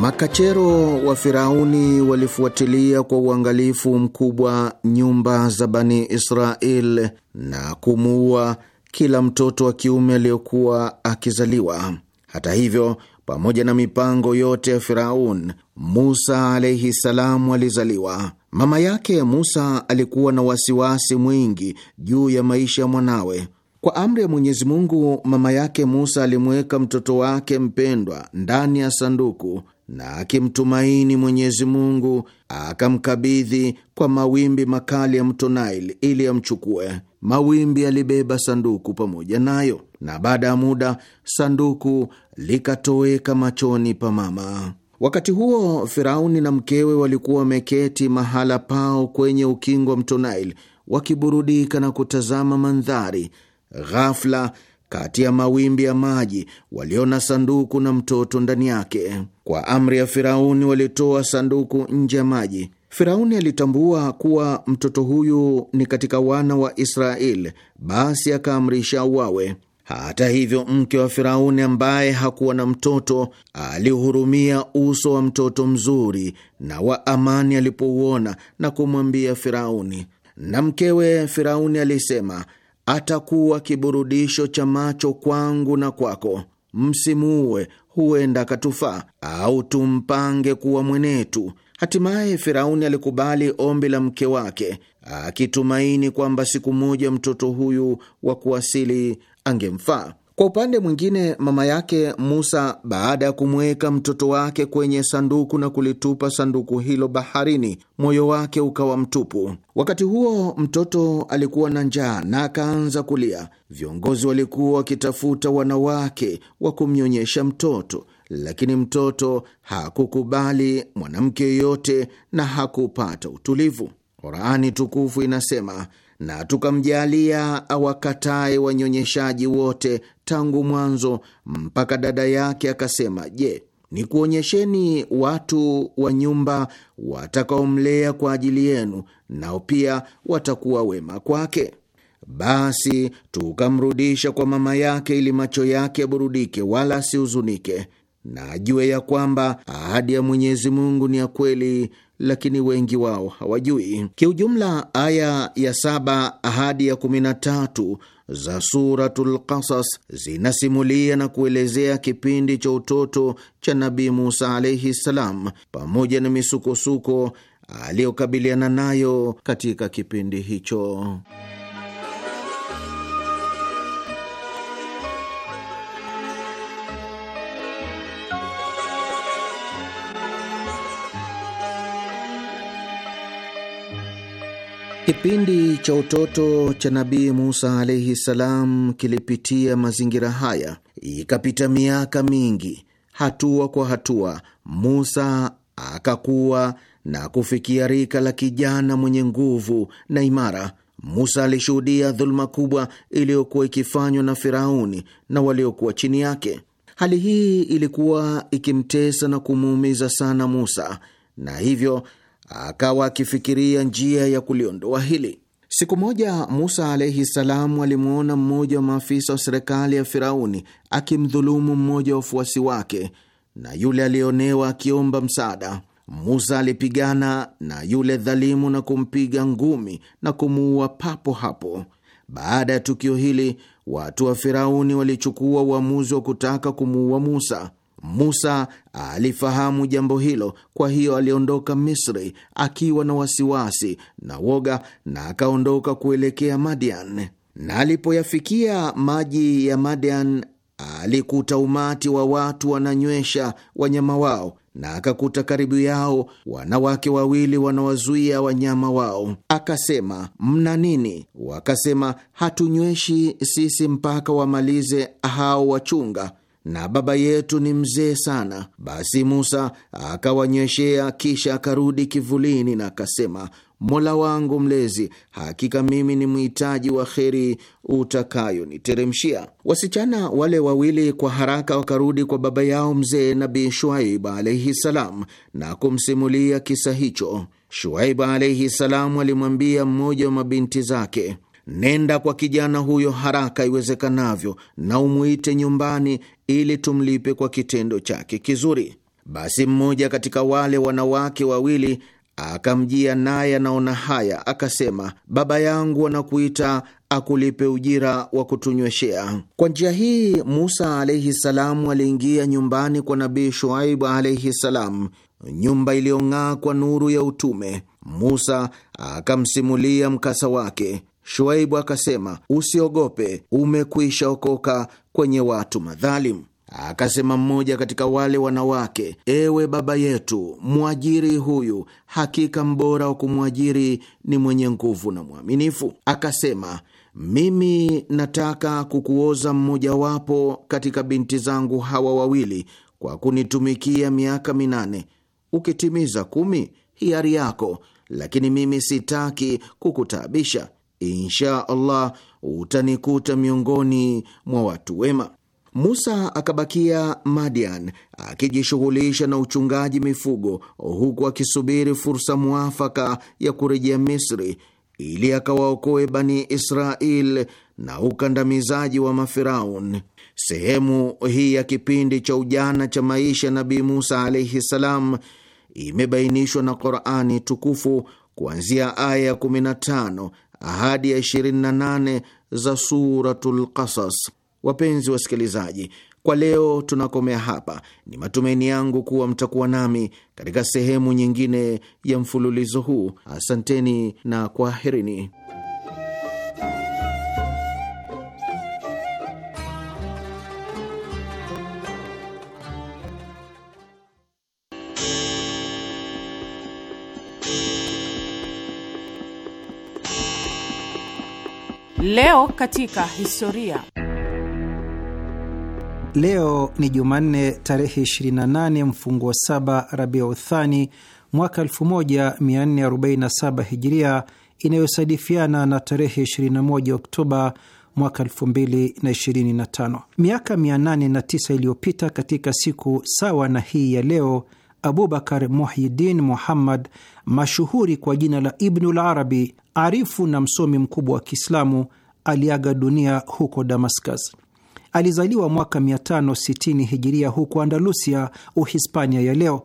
Makachero wa Firauni walifuatilia kwa uangalifu mkubwa nyumba za Bani Israel na kumuua kila mtoto wa kiume aliyokuwa akizaliwa. Hata hivyo, pamoja na mipango yote ya Firaun, Musa alaihi salamu alizaliwa. Mama yake Musa alikuwa na wasiwasi mwingi juu ya maisha ya mwanawe. Kwa amri ya Mwenyezi Mungu, mama yake Musa alimweka mtoto wake mpendwa ndani ya sanduku na akimtumaini Mwenyezi Mungu akamkabidhi kwa mawimbi makali ya mto Nile ili yamchukue. Mawimbi yalibeba sanduku pamoja nayo, na baada ya muda sanduku likatoweka machoni pa mama. Wakati huo Firauni na mkewe walikuwa wameketi mahala pao kwenye ukingo wa mto Nile wakiburudika na kutazama mandhari. Ghafla, kati ya mawimbi ya maji, waliona sanduku na mtoto ndani yake. Kwa amri ya Firauni walitoa sanduku nje ya maji. Firauni alitambua kuwa mtoto huyu ni katika wana wa Israeli, basi akaamrisha uwawe. Hata hivyo, mke wa Firauni ambaye hakuwa na mtoto alihurumia uso wa mtoto mzuri na wa amani alipouona na kumwambia Firauni. Na mkewe Firauni alisema, atakuwa kiburudisho cha macho kwangu na kwako, msimuue huenda akatufaa au tumpange kuwa mwenetu. Hatimaye Firauni alikubali ombi la mke wake, akitumaini kwamba siku moja mtoto huyu wa kuasili angemfaa. Kwa upande mwingine, mama yake Musa, baada ya kumweka mtoto wake kwenye sanduku na kulitupa sanduku hilo baharini, moyo wake ukawa mtupu. Wakati huo mtoto alikuwa na njaa na akaanza kulia. Viongozi walikuwa wakitafuta wanawake wa kumnyonyesha mtoto, lakini mtoto hakukubali mwanamke yoyote na hakupata utulivu. Qurani tukufu inasema na tukamjalia awakatae wanyonyeshaji wote tangu mwanzo mpaka dada yake akasema, Je, nikuonyesheni watu wa nyumba watakaomlea kwa ajili yenu, nao pia watakuwa wema kwake? Basi tukamrudisha kwa mama yake, ili macho yake yaburudike, wala asihuzunike, na ajue ya kwamba ahadi ya Mwenyezi Mungu ni ya kweli lakini wengi wao hawajui. Kiujumla, aya ya saba hadi ya kumi na tatu za Suratul Qasas zinasimulia na kuelezea kipindi cha utoto cha Nabii Musa alaihi ssalam, pamoja na misukosuko aliyokabiliana nayo katika kipindi hicho. Kipindi cha utoto cha Nabii Musa alaihi salam kilipitia mazingira haya. Ikapita miaka mingi, hatua kwa hatua, Musa akakuwa na kufikia rika la kijana mwenye nguvu na imara. Musa alishuhudia dhuluma kubwa iliyokuwa ikifanywa na Firauni na waliokuwa chini yake. Hali hii ilikuwa ikimtesa na kumuumiza sana Musa, na hivyo akawa akifikiria njia ya kuliondoa hili. Siku moja Musa alaihi salamu alimwona mmoja wa maafisa wa serikali ya Firauni akimdhulumu mmoja wa wafuasi wake, na yule aliyeonewa akiomba msaada. Musa alipigana na yule dhalimu na kumpiga ngumi na kumuua papo hapo. Baada ya tukio hili, watu wa Firauni walichukua uamuzi wa kutaka kumuua Musa. Musa alifahamu jambo hilo, kwa hiyo aliondoka Misri akiwa na wasiwasi na woga, na akaondoka kuelekea Madian. Na alipoyafikia maji ya Madian, alikuta umati wa watu wananywesha wanyama wao na akakuta karibu yao wanawake wawili wanawazuia wanyama wao. Akasema, mna nini? Wakasema, hatunyweshi sisi mpaka wamalize hao wachunga na baba yetu ni mzee sana. Basi Musa akawanyeshea, kisha akarudi kivulini na akasema, Mola wangu mlezi, hakika mimi ni mhitaji wa kheri utakayoniteremshia. Wasichana wale wawili kwa haraka wakarudi kwa baba yao mzee nabi Shuaib alaihi salam na kumsimulia kisa hicho. Shuaib alaihi salam alimwambia mmoja wa mabinti zake Nenda kwa kijana huyo haraka iwezekanavyo na umwite nyumbani ili tumlipe kwa kitendo chake kizuri. Basi mmoja katika wale wanawake wawili akamjia, naye anaona haya, akasema, baba yangu anakuita akulipe ujira wa kutunyweshea. Kwa njia hii Musa alaihi salamu aliingia nyumbani kwa Nabii Shuaibu alaihi salamu, nyumba iliyong'aa kwa nuru ya utume. Musa akamsimulia mkasa wake. Shuaibu akasema, usiogope, umekwisha okoka kwenye watu madhalimu. Akasema mmoja katika wale wanawake, ewe baba yetu, mwajiri huyu, hakika mbora wa kumwajiri ni mwenye nguvu na mwaminifu. Akasema, mimi nataka kukuoza mmojawapo katika binti zangu hawa wawili kwa kunitumikia miaka minane. Ukitimiza kumi, hiari yako, lakini mimi sitaki kukutaabisha insha Allah utanikuta miongoni mwa watu wema. Musa akabakia Madian akijishughulisha na uchungaji mifugo, huku akisubiri fursa mwafaka ya kurejea Misri ili akawaokoe Bani Israel na ukandamizaji wa Mafiraun. Sehemu hii ya kipindi cha ujana cha maisha Nabii Musa alaihi salam imebainishwa na Qurani tukufu kuanzia aya ya 15 hadi ya 28 za Suratul Qasas. Wapenzi wasikilizaji, kwa leo tunakomea hapa. Ni matumaini yangu kuwa mtakuwa nami katika sehemu nyingine ya mfululizo huu. Asanteni na kwaherini. Leo katika historia. Leo ni Jumanne tarehe 28 mfunguo saba Rabiu Thani mwaka 1447 Hijiria, inayosadifiana na tarehe 21 Oktoba mwaka 2025. Miaka 809 iliyopita katika siku sawa na hii ya leo, Abubakar Muhyiddin Muhammad mashuhuri kwa jina la Ibnul Arabi arifu na msomi mkubwa wa Kiislamu, aliaga dunia huko Damascus. Alizaliwa mwaka 560 hijiria huko Andalusia, Uhispania ya leo.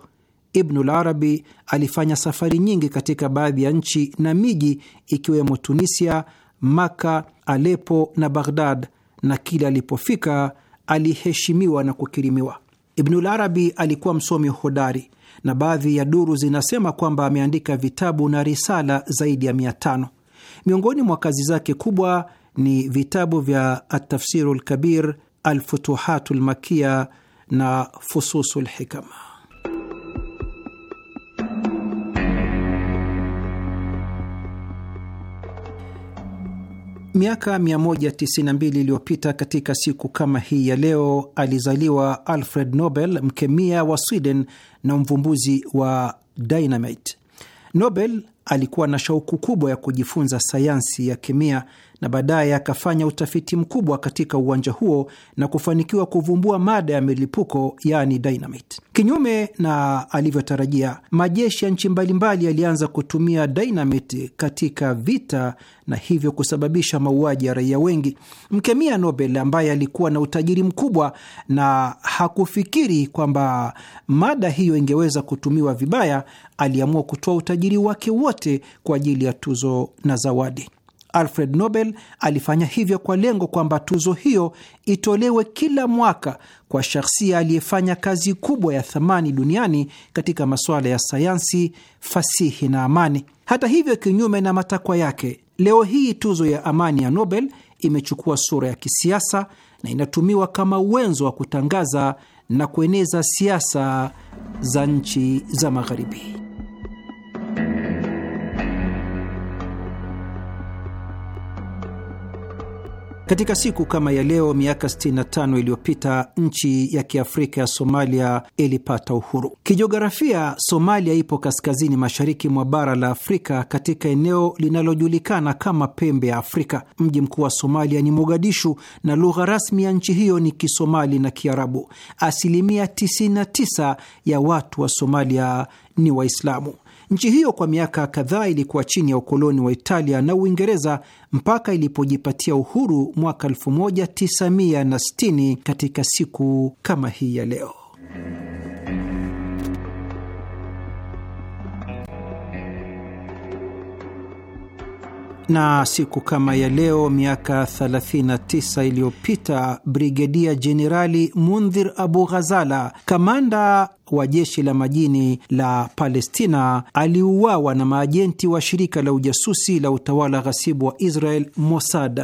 Ibnul Arabi alifanya safari nyingi katika baadhi ya nchi na miji ikiwemo Tunisia, Maka, Alepo na Baghdad, na kila alipofika aliheshimiwa na kukirimiwa. Ibnul Arabi alikuwa msomi hodari na baadhi ya duru zinasema kwamba ameandika vitabu na risala zaidi ya mia tano. Miongoni mwa kazi zake kubwa ni vitabu vya Atafsiru lkabir, Alfutuhatu lmakia na Fususu lhikama. Miaka 192 iliyopita katika siku kama hii ya leo alizaliwa Alfred Nobel, mkemia wa Sweden na mvumbuzi wa dynamite. Nobel alikuwa na shauku kubwa ya kujifunza sayansi ya kemia na baadaye akafanya utafiti mkubwa katika uwanja huo na kufanikiwa kuvumbua mada ya milipuko yaani dynamite. Kinyume na alivyotarajia, majeshi ya nchi mbalimbali yalianza kutumia dynamite katika vita na hivyo kusababisha mauaji ya raia wengi. Mkemia Nobel ambaye alikuwa na utajiri mkubwa na hakufikiri kwamba mada hiyo ingeweza kutumiwa vibaya, aliamua kutoa utajiri wake wote kwa ajili ya tuzo na zawadi. Alfred Nobel alifanya hivyo kwa lengo kwamba tuzo hiyo itolewe kila mwaka kwa shahsia aliyefanya kazi kubwa ya thamani duniani katika masuala ya sayansi, fasihi na amani. Hata hivyo, kinyume na matakwa yake, leo hii tuzo ya amani ya Nobel imechukua sura ya kisiasa na inatumiwa kama uwenzo wa kutangaza na kueneza siasa za nchi za Magharibi. Katika siku kama ya leo miaka 65 iliyopita nchi ya kiafrika ya Somalia ilipata uhuru. Kijiografia, Somalia ipo kaskazini mashariki mwa bara la Afrika, katika eneo linalojulikana kama pembe ya Afrika. Mji mkuu wa Somalia ni Mogadishu na lugha rasmi ya nchi hiyo ni Kisomali na Kiarabu. Asilimia 99 ya watu wa Somalia ni Waislamu. Nchi hiyo kwa miaka kadhaa ilikuwa chini ya ukoloni wa Italia na Uingereza mpaka ilipojipatia uhuru mwaka 1960 katika siku kama hii ya leo. na siku kama ya leo miaka 39 iliyopita Brigedia Jenerali Mundhir Abu Ghazala, kamanda wa jeshi la majini la Palestina aliuawa na maajenti wa shirika la ujasusi la utawala ghasibu wa Israel, Mossad.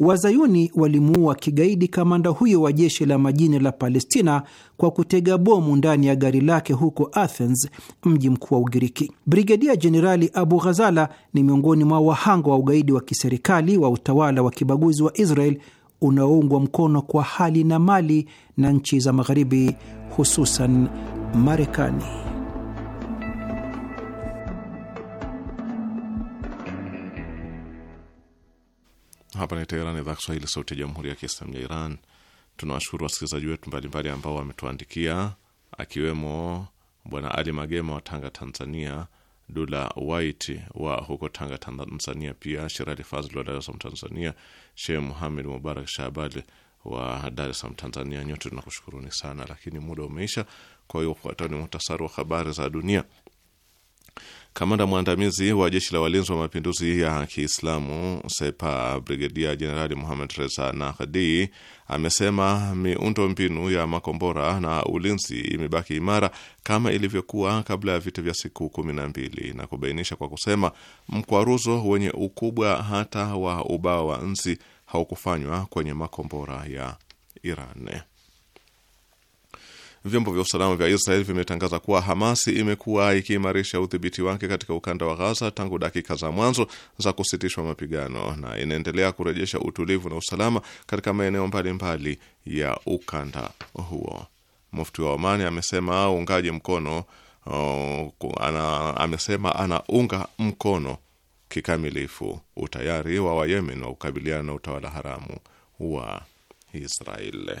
Wazayuni walimuua kigaidi kamanda huyo wa jeshi la majini la Palestina kwa kutega bomu ndani ya gari lake huko Athens, mji mkuu wa Ugiriki. Brigedia Jenerali Abu Ghazala ni miongoni mwa wahanga wa ugaidi wa kiserikali wa utawala wa kibaguzi wa Israel unaoungwa mkono kwa hali na mali na nchi za Magharibi hususan Marekani. Hapa ni Teherani, idhaa Kiswahili, sauti ya jamhuri ya kiislamu ya Iran. Tunawashukuru wasikilizaji wetu mbalimbali ambao wametuandikia, akiwemo Bwana Ali Magema wa Tanga, Tanzania, Dula White wa huko Tanga, Tanzania, pia Sherali Fazl wa Dar es Salaam, Tanzania, Shehe Muhamed Mubarak Shabali wa Dar es Salaam, Tanzania. Nyote tunakushukuruni sana, lakini muda umeisha. Kwa hiyo ufuatao ni muhtasari wa habari za dunia. Kamanda mwandamizi wa jeshi la walinzi wa mapinduzi ya Kiislamu Sepa, Brigedia Jenerali Muhamed Reza Nahdi amesema miundo mbinu ya makombora na ulinzi imebaki imara kama ilivyokuwa kabla ya vita vya siku kumi na mbili na kubainisha kwa kusema mkwaruzo wenye ukubwa hata wa ubao wa nzi haukufanywa kwenye makombora ya Iran. Vyombo vya usalama vya Israel vimetangaza kuwa Hamasi imekuwa ikiimarisha udhibiti wake katika ukanda wa Ghaza tangu dakika za mwanzo za kusitishwa mapigano na inaendelea kurejesha utulivu na usalama katika maeneo mbalimbali ya ukanda huo. Mufti wa Omani amesema uungaji mkono uh, ana, amesema anaunga mkono kikamilifu utayari wa Wayemen wa kukabiliana na utawala haramu wa Israeli